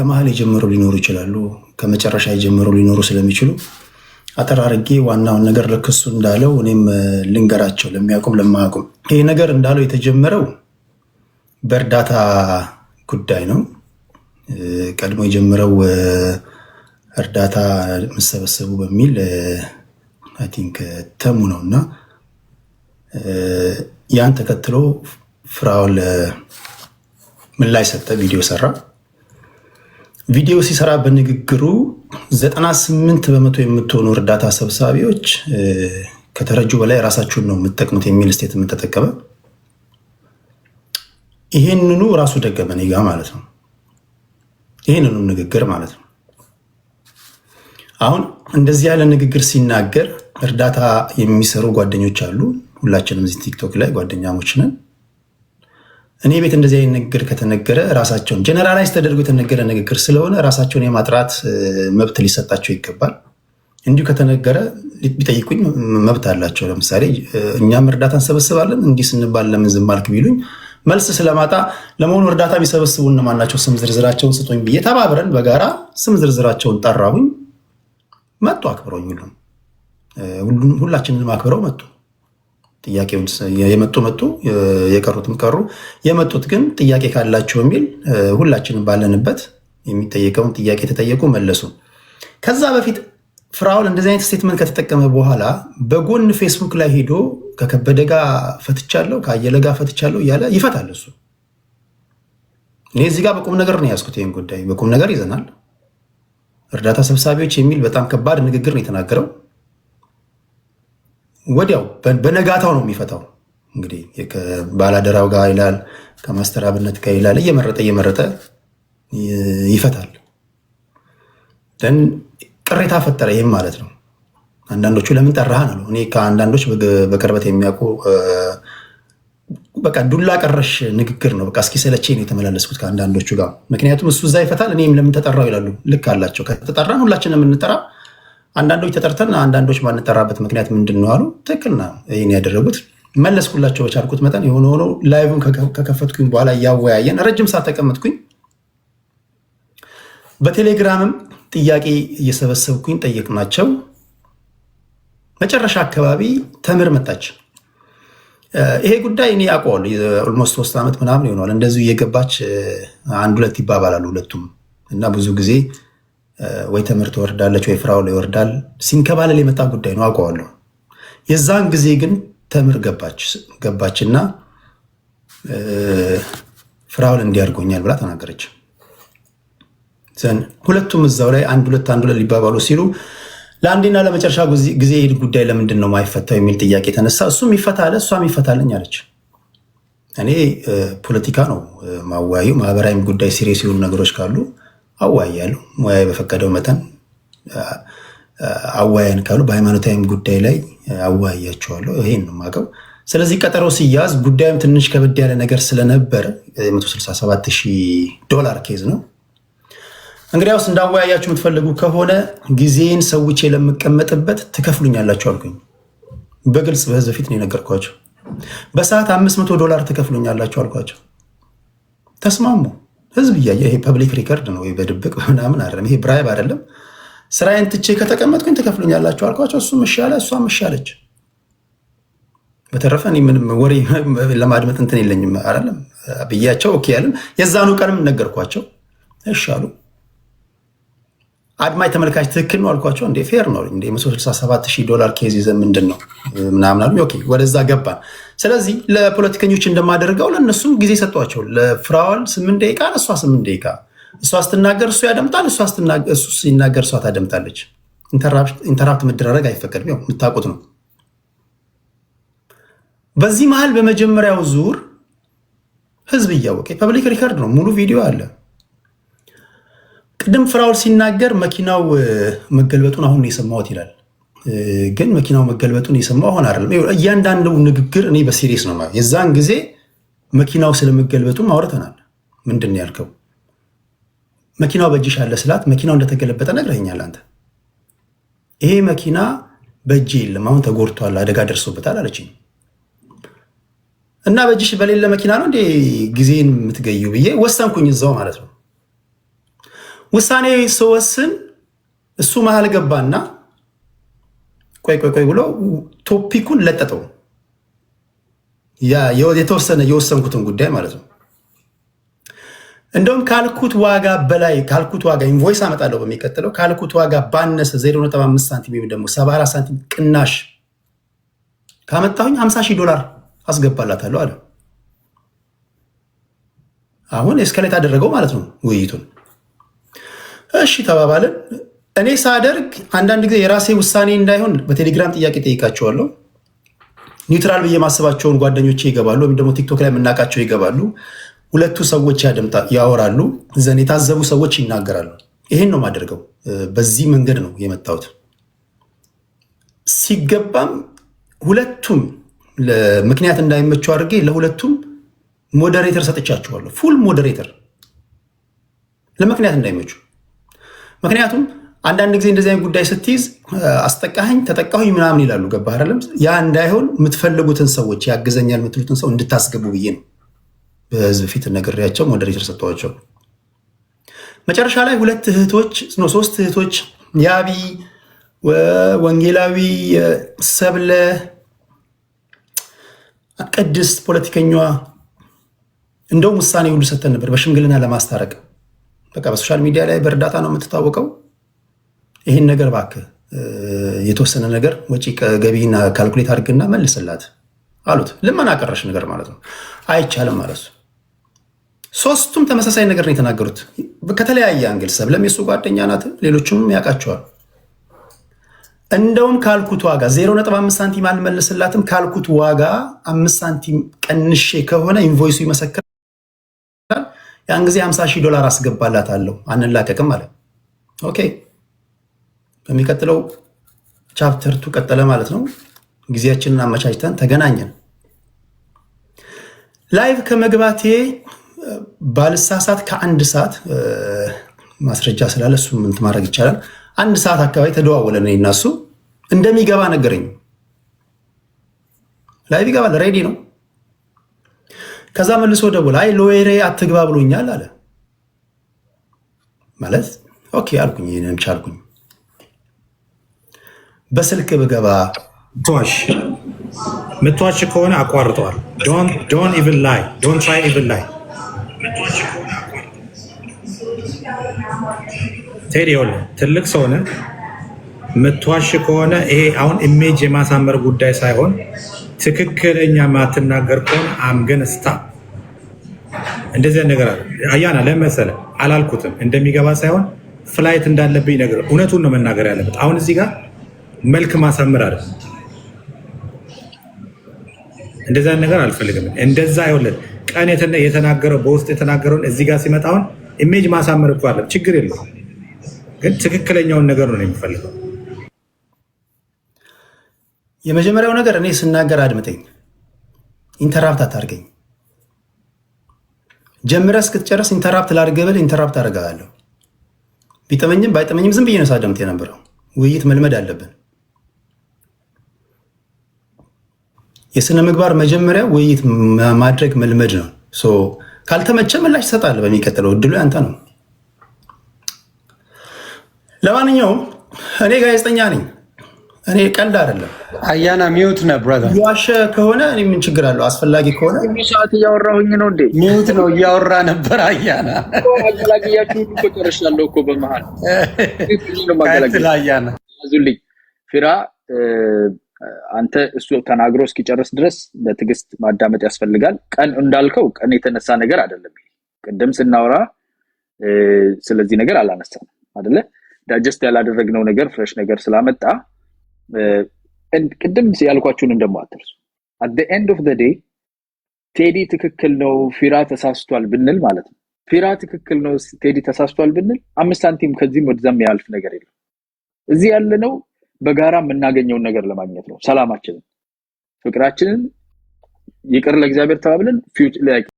ከመሀል የጀመሩ ሊኖሩ ይችላሉ፣ ከመጨረሻ የጀመሩ ሊኖሩ ስለሚችሉ አጠራርጌ ዋናውን ነገር ልክሱ እንዳለው እኔም ልንገራቸው ለሚያውቁም ለማያውቁም። ይህ ነገር እንዳለው የተጀመረው በእርዳታ ጉዳይ ነው። ቀድሞ የጀመረው እርዳታ የምሰበሰቡ በሚል አይ ቲንክ ተሙ ነው እና ያን ተከትሎ ፍራኦል ምላሽ ሰጠ፣ ቪዲዮ ሰራ። ቪዲዮ ሲሰራ በንግግሩ 98 በመቶ የምትሆኑ እርዳታ ሰብሳቢዎች ከተረጁ በላይ ራሳችሁን ነው የምትጠቅሙት የሚል ስቴትመንት የምንተጠቀመ ይህንኑ ራሱ ደገመ እኔ ጋ ማለት ነው። ይህንኑ ንግግር ማለት ነው። አሁን እንደዚህ ያለ ንግግር ሲናገር እርዳታ የሚሰሩ ጓደኞች አሉ። ሁላችንም እዚህ ቲክቶክ ላይ ጓደኛሞች ነን። እኔ ቤት እንደዚህ አይነት ንግግር ከተነገረ ራሳቸውን ጀነራላይዝ ተደርጎ የተነገረ ንግግር ስለሆነ ራሳቸውን የማጥራት መብት ሊሰጣቸው ይገባል። እንዲሁ ከተነገረ ቢጠይቁኝ መብት አላቸው። ለምሳሌ እኛም እርዳታ እንሰበስባለን እንዲህ ስንባል ለምን ዝም አልክ ቢሉኝ መልስ ስለማጣ ለመሆኑ እርዳታ ቢሰበስቡ እነማናቸው ስም ዝርዝራቸውን ስጡኝ ብዬ ተባብረን በጋራ ስም ዝርዝራቸውን ጠራሁኝ። መጡ፣ አክብረውኝ ሁሉም ሁላችንን አክብረው መጡ። ጥያቄውን የመጡ መጡ፣ የቀሩትም ቀሩ። የመጡት ግን ጥያቄ ካላችሁ የሚል ሁላችንም ባለንበት የሚጠየቀውን ጥያቄ ተጠየቁ፣ መለሱ። ከዛ በፊት ፍራውል እንደዚህ አይነት ስቴትመንት ከተጠቀመ በኋላ በጎን ፌስቡክ ላይ ሄዶ ከከበደ ጋ ፈትቻለሁ፣ ከአየለ ጋ ፈትቻለሁ እያለ ይፈታል እሱ። እኔ እዚህ ጋር በቁም ነገር ነው የያዝኩት ይህን ጉዳይ በቁም ነገር ይዘናል። እርዳታ ሰብሳቢዎች የሚል በጣም ከባድ ንግግር ነው የተናገረው። ወዲያው በነጋታው ነው የሚፈታው። እንግዲህ ከባላደራው ጋር ይላል፣ ከማስተር አብነት ጋር ይላል፣ እየመረጠ እየመረጠ ይፈታል። ደን ቅሬታ ፈጠረ። ይህም ማለት ነው አንዳንዶቹ ለምን ጠራሃን አሉ። እኔ ከአንዳንዶች በቅርበት የሚያውቁ በቃ ዱላ ቀረሽ ንግግር ነው። በቃ እስኪሰለቼ ነው የተመላለስኩት ከአንዳንዶቹ ጋር። ምክንያቱም እሱ እዛ ይፈታል፣ እኔም ለምን ተጠራው ይላሉ። ልክ አላቸው። ከተጠራን ሁላችን የምንጠራ አንዳንዶች ተጠርተን አንዳንዶች ማንጠራበት ምክንያት ምንድን ነው አሉ። ትክክል ነው። ይህን ያደረጉት መለስኩላቸው በቻልኩት መጠን። የሆነ ሆኖ ላይቭን ከከፈትኩኝ በኋላ እያወያየን ረጅም ሰዓት ተቀመጥኩኝ። በቴሌግራምም ጥያቄ እየሰበሰብኩኝ ጠየቅናቸው። መጨረሻ አካባቢ ተምር መጣች። ይሄ ጉዳይ እኔ አውቀዋለሁ። ኦልሞስት ሶስት ዓመት ምናምን ይሆነዋል እንደዚሁ እየገባች አንድ ሁለት ይባባላሉ ሁለቱም እና ብዙ ጊዜ ወይ ትምህርት ወርዳለች ወይ ላይ ይወርዳል። ሲንከባለል የመጣ ጉዳይ ነው፣ አውቀዋለሁ። የዛን ጊዜ ግን ተምር ገባችና ፍራውል እንዲያርጎኛል ብላ ተናገረች። ሁለቱም እዛው ላይ አንድ ሁለት አንድ ሁለት ሊባባሉ ሲሉ ለአንዴና ለመጨረሻ ጊዜ ይህ ጉዳይ ለምንድን ነው ማይፈታው የሚል ጥያቄ ተነሳ። እሱም ይፈታለ እሷም ይፈታለኝ አለች። እኔ ፖለቲካ ነው ማወያዩ ማህበራዊም ጉዳይ ሲሪየስ ሲሆኑ ነገሮች ካሉ አዋያሉ ሙያዬ በፈቀደው መጠን አዋያን ካሉ በሃይማኖታዊም ጉዳይ ላይ አዋያቸዋለሁ። ይሄን ነው የማውቀው። ስለዚህ ቀጠሮ ሲያዝ ጉዳዩም ትንሽ ከበድ ያለ ነገር ስለነበረ 167 ሺህ ዶላር ኬዝ ነው። እንግዲያውስ እንዳወያያችሁ የምትፈልጉ ከሆነ ጊዜን ሰውቼ ለምቀመጥበት ትከፍሉኛላችሁ አልኩኝ። በግልጽ በህዝብ ፊት ነው የነገርኳቸው። በሰዓት 500 ዶላር ትከፍሉኛላችሁ አልኳቸው። ተስማሙ። ህዝብ እያየ ይሄ ፐብሊክ ሪከርድ ነው። በድብቅ ምናምን አይደለም፣ ይሄ ብራይብ አይደለም። ስራዬን ትቼ ከተቀመጥኩኝ ትከፍሉኛላችሁ አልኳቸው። እሱም እሺ አለ፣ እሷም እሺ አለች። በተረፈ ምንም ወሬ ለማድመጥ እንትን የለኝም አይደለም ብያቸው፣ ኦኬ ያለም የዛኑ ቀንም ነገርኳቸው። እሺ አሉ። አድማጭ ተመልካች ትክክል ነው አልኳቸው። እንዴ ፌር ነው እንዴ 167 ዶላር ኬዝ ይዘ ምንድን ነው ምናምን አሉ። ኦኬ ወደዛ ገባን። ስለዚህ ለፖለቲከኞች እንደማደርገው ለእነሱም ጊዜ ሰጧቸው። ለፍራዋል ስምንት ደቂቃ እሷ ስምንት ደቂቃ እሷ ስትናገር እሱ ያደምጣል፣ እሱ ሲናገር እሷ ታደምጣለች። ኢንተራፕት መደራረግ አይፈቀድም፣ ያው የምታውቁት ነው። በዚህ መሀል በመጀመሪያው ዙር ህዝብ እያወቀ ፐብሊክ ሪከርድ ነው፣ ሙሉ ቪዲዮ አለ። ቅድም ፍራውል ሲናገር መኪናው መገልበጡን አሁን የሰማሁት ይላል ግን መኪናው መገልበጡን የሰማ ሆን አይደለም። እያንዳንዱ ንግግር እኔ በሲሪየስ ነው። የዛን ጊዜ መኪናው ስለመገልበጡ አውርተናል። ምንድን ነው ያልከው? መኪናው በእጅሽ አለ ስላት መኪናው እንደተገለበጠ ነግረኛል አንተ። ይሄ መኪና በእጅ የለም፣ አሁን ተጎድቷል፣ አደጋ ደርሶበታል አለችኝ። እና በእጅሽ በሌለ መኪና ነው እንዴ ጊዜን የምትገዩ ብዬ ወሰንኩኝ፣ እዛው ማለት ነው። ውሳኔ ስወስን እሱ መሀል ገባና ቆይ ቆይ ቆይ ብሎ ቶፒኩን ለጠጠው። የተወሰነ የወሰንኩትን ጉዳይ ማለት ነው። እንደውም ካልኩት ዋጋ በላይ ካልኩት ዋጋ ኢንቮይስ አመጣለሁ በሚቀጥለው ካልኩት ዋጋ ባነሰ 0.5 ሳንቲም ወይም ደግሞ 74 ሳንቲም ቅናሽ ካመጣሁኝ 50 ሺህ ዶላር አስገባላታለሁ አለ። አሁን እስከላይ አደረገው ማለት ነው ውይይቱን። እሺ ተባባልን። እኔ ሳደርግ አንዳንድ ጊዜ የራሴ ውሳኔ እንዳይሆን በቴሌግራም ጥያቄ ጠይቃቸዋለሁ። ኒውትራል ብዬ ማስባቸውን ጓደኞቼ ይገባሉ፣ ወይም ደግሞ ቲክቶክ ላይ የምናውቃቸው ይገባሉ። ሁለቱ ሰዎች ያወራሉ፣ ዘን የታዘቡ ሰዎች ይናገራሉ። ይሄን ነው ማደርገው። በዚህ መንገድ ነው የመጣሁት። ሲገባም ሁለቱም ምክንያት እንዳይመቸው አድርጌ ለሁለቱም ሞዴሬተር ሰጥቻቸዋለሁ። ፉል ሞዴሬተር ለምክንያት እንዳይመቹ ምክንያቱም አንዳንድ ጊዜ እንደዚህ አይነት ጉዳይ ስትይዝ አስጠቃኸኝ ተጠቃሁኝ ምናምን ይላሉ። ገባህ አይደለም? ያ እንዳይሆን የምትፈልጉትን ሰዎች ያግዘኛል የምትሉትን ሰው እንድታስገቡ ብዬ ነው በህዝብ ፊት ነግሬያቸው ሞዴሬተር ሰጥተዋቸው። መጨረሻ ላይ ሁለት እህቶች ነው ሶስት እህቶች የአብይ ወንጌላዊ ሰብለ ቅድስት ፖለቲከኛ እንደውም ውሳኔ ሁሉ ሰተን ነበር በሽምግልና ለማስታረቅ በቃ በሶሻል ሚዲያ ላይ በእርዳታ ነው የምትታወቀው። ይህን ነገር እባክህ የተወሰነ ነገር ወጪ ገቢና ካልኩሌት አድርግና መልስላት አሉት። ልመና ቀረሽ ነገር ማለት ነው። አይቻልም ማለት ሶስቱም ተመሳሳይ ነገር ነው የተናገሩት ከተለያየ አንግል። ሰብለም የሱ ጓደኛ ናት፣ ሌሎችም ያውቃቸዋል። እንደውም ካልኩት ዋጋ 0.5 ሳንቲም አልመልስላትም ካልኩት ዋጋ አምስት ሳንቲም ቀንሼ ከሆነ ኢንቮይሱ ይመሰክራል። ያን ጊዜ 50 ሺህ ዶላር አስገባላት አለው። አንላቀቅም አለ። ኦኬ በሚቀጥለው ቻፕተር ቱ ቀጠለ ማለት ነው። ጊዜያችንን አመቻችተን ተገናኘን። ላይቭ ከመግባቴ ባልሳሳት ከአንድ ሰዓት ማስረጃ ስላለ እሱ ምንት ማድረግ ይቻላል። አንድ ሰዓት አካባቢ ተደዋወለ ነው እናሱ እንደሚገባ ነገረኝ። ላይቭ ይገባል፣ ሬዲ ነው። ከዛ መልሶ ደውል፣ አይ ሎሬ አትግባ ብሎኛል አለ ማለት ኦኬ አልኩኝ፣ ቻልኩኝ። በስልክ ብገባ ተዋሽ ምትዋሽ ከሆነ አቋርጠዋል። ዶን ኢቭን ላይ ዶን ትራይ ኢቭን ላይ ቴዲ ሆነ ትልቅ ሰሆነ ምትዋሽ ከሆነ ይሄ አሁን ኢሜጅ የማሳመር ጉዳይ ሳይሆን ትክክለኛ ማትናገር ከሆነ አምገን ስታ እንደዚህ ነገር አለ። አያና ለመሰለ አላልኩትም እንደሚገባ ሳይሆን ፍላይት እንዳለብኝ ነገር እውነቱን ነው መናገር ያለበት። አሁን እዚህ ጋር መልክ ማሳመር አለ እንደዛ ነገር አልፈልግም። እንደዛ ይወለድ ቀን የተናገረው በውስጥ የተናገረውን እዚህ ጋር ሲመጣውን ኢሜጅ ማሳመር እኮ አለ ችግር የለው፣ ግን ትክክለኛውን ነገር ነው የሚፈልገው። የመጀመሪያው ነገር እኔ ስናገር አድምጠኝ፣ ኢንተራፕት አታርገኝ። ጀምረ እስክትጨርስ ኢንተራፕት ላድርግህ ብል ኢንተራፕት አደርግሃለሁ። ቢጠመኝም ባይጠመኝም ዝም ብዬ ነው ሳዳምጥ የነበረው። ውይይት መልመድ አለብን። የስነ ምግባር መጀመሪያ ውይይት ማድረግ መልመድ ነው። ካልተመቸ ምላሽ ይሰጣል። በሚቀጥለው እድሉ ያንተ ነው። ለማንኛውም እኔ ጋዜጠኛ ነኝ። እኔ ቀልድ አይደለም። አያና ሚዩት ነህ ብራዘር። ዋሸ ከሆነ እኔ ምን ችግር አለው? አስፈላጊ ከሆነ ሰዓት እያወራሁኝ ነው እንዴ? ሚዩት ነው እያወራ ነበር። አያና አገላግያችሁ ተጨርሻለሁ እኮ በመሀል። አያና ዙልኝ ፊራ አንተ እሱ ተናግሮ እስኪጨርስ ድረስ በትዕግስት ማዳመጥ ያስፈልጋል። ቀን እንዳልከው ቀን የተነሳ ነገር አይደለም። ቅድም ስናወራ ስለዚህ ነገር አላነሳም አደለ? ዳጀስት ያላደረግነው ነገር ፍሬሽ ነገር ስላመጣ ቅድም ያልኳችሁን ደግሞ አትርሱ። አት ኤንድ ኦፍ ዘ ዴይ ቴዲ ትክክል ነው ፊራ ተሳስቷል ብንል ማለት ነው። ፊራ ትክክል ነው ቴዲ ተሳስቷል ብንል አምስት ሳንቲም ከዚህም ወደዛም ያልፍ ነገር የለም። እዚህ ያለነው በጋራ የምናገኘውን ነገር ለማግኘት ነው። ሰላማችንን፣ ፍቅራችንን ይቅር ለእግዚአብሔር ተባብለን